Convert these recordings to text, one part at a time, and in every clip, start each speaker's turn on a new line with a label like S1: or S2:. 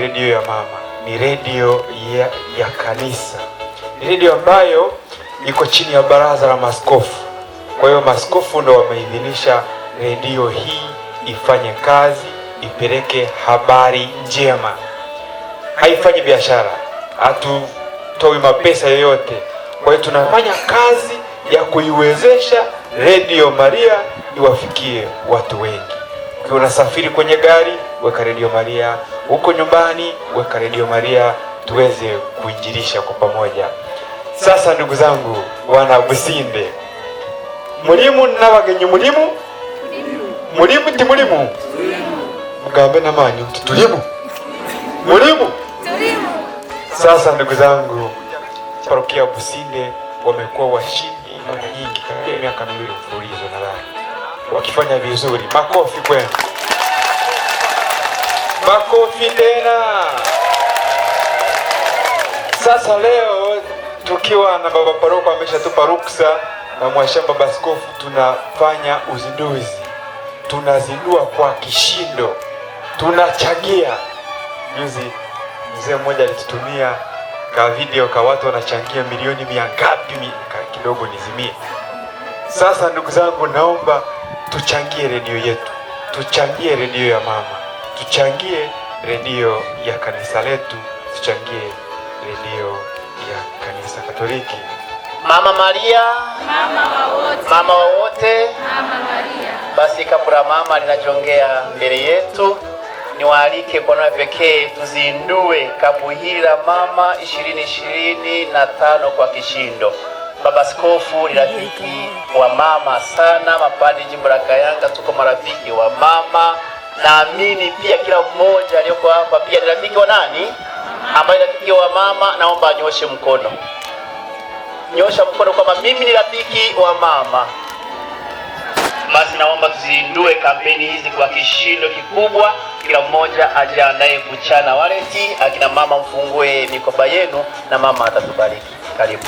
S1: Redio ya mama ni redio ya, ya kanisa, ni redio ambayo iko chini ya baraza la maskofu Kwa hiyo maskofu ndo wameidhinisha redio hii ifanye kazi, ipeleke habari njema. Haifanyi biashara, hatutoi mapesa yoyote. Kwa hiyo tunafanya kazi ya kuiwezesha redio Maria iwafikie watu wengi. Ukiwa unasafiri kwenye gari, weka redio Maria huko nyumbani, weka Radio Maria tuweze kuinjilisha kwa pamoja. Sasa ndugu zangu, wana Businde, mulimu nabagenyi mulimu mulimu ti mulimu mgambe na manyu tutulimu mulimu. Sasa ndugu zangu, parokia Businde wamekuwa washindi mara nyingi, miaka miwili mfululizo nadhani wakifanya vizuri. Makofi kwenu. Makofi tena. Sasa leo tukiwa na baba paroko ameshatupa ruksa na mwashamba baskofu tunafanya uzinduzi, tunazindua kwa kishindo, tunachangia. Juzi mzee mmoja alitutumia ka video ka watu wanachangia milioni mia ngapi, kidogo nizimie. Sasa ndugu zangu, naomba tuchangie redio yetu, tuchangie redio ya mama tuchangie redio ya kanisa letu, tuchangie redio ya kanisa Katoliki.
S2: Mama Maria, mama wa wote, basi la mama linajongea mbele yetu. Niwaalike kwa namna pekee tuzindue kapu hili la mama ishirini ishirini na tano kwa kishindo. Baba Skofu ni rafiki wa mama sana, mapadi jimbo la Kayanga, tuko marafiki wa mama Naamini pia kila mmoja aliyoko hapa pia ni rafiki wa nani, ambaye rafiki wa mama, naomba anyoshe mkono. Nyosha mkono kwamba mimi ni rafiki wa mama. Basi naomba tuzindue kampeni hizi kwa kishindo kikubwa, kila mmoja ajiandae kuchana waleti. Akina mama, mfungue mikoba yenu na mama atatubariki. Karibu.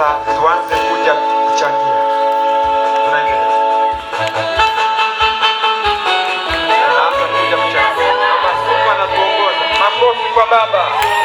S1: sasa tuanze kuja kuchangia. Tunaanza kuja kuchangia. Baba, makofi kwa Baba.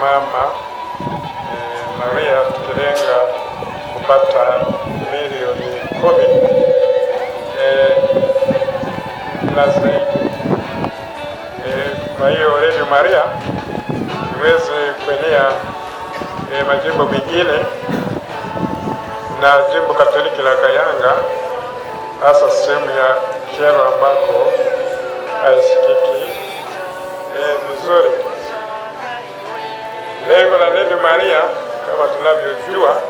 S3: mama eh, Maria tukilenga kupata milioni kumi eh, na zaidi eh, kwa hiyo Radio Maria iweze kuenea eh, majimbo mengine na jimbo Katoliki la Kayanga hasa sehemu ya Kyerwa ambako haisikiki eh, vizuri. Lengo la Neno Maria kama tunavyojua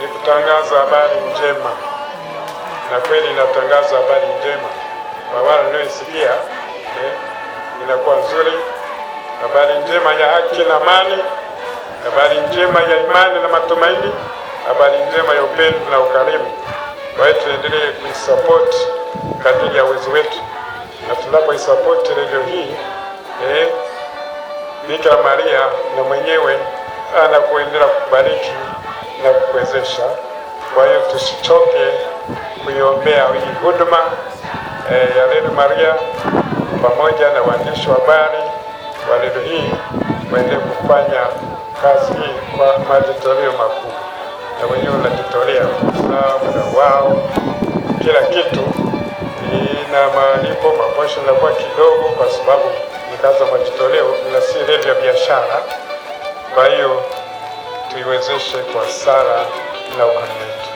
S3: ni kutangaza habari njema, na kweli inatangaza habari njema kwa wale wanaoisikia, eh, inakuwa nzuri, habari njema ya haki na amani, habari njema ya imani na matumaini, habari njema ya upendo na ukarimu. Kwa hiyo tuendelee kuisapoti kadiri ya uwezo wetu, na tunapoisapoti redio hii eh, Bikira Maria na mwenyewe anakuendelea kubariki na kukuwezesha. Kwa hiyo tusichoke kuiombea hii huduma e, ya Redio Maria pamoja na waandishi wa habari wa redio hii waendelee kufanya kazi hii kwa majitoleo makubwa, na wenyewe wanajitolea saa, muda wao, kila kitu, na malipo maposho inakuwa kidogo kwa sababu ni kazi majitoleo na si ya biashara. Kwa hiyo tuiwezeshe kwa sala na ukarimu wetu.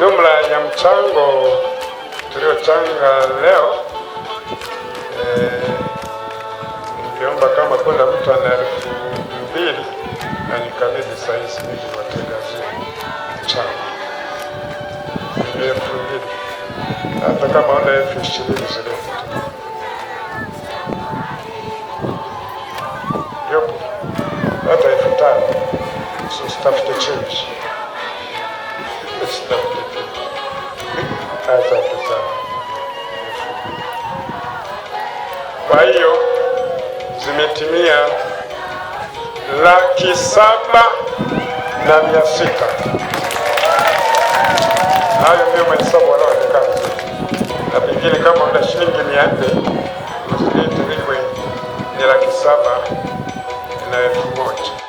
S3: Jumla ya mchango tuliochanga leo eh, nikiomba e, kama kuna mtu ana elfu mbili na nikabidhi sahizi ili watangazie mchango elfu mbili hata kama una elfu ishirini zile vilivyopo, hata elfu tano usitafute chenji, asante sana. Kwa hiyo zimetimia laki saba na mia sita. Hayo ndio mahesabu wanaoonekana, na pengine kama una shilingi mia nne usilete, ni laki saba nerve you want.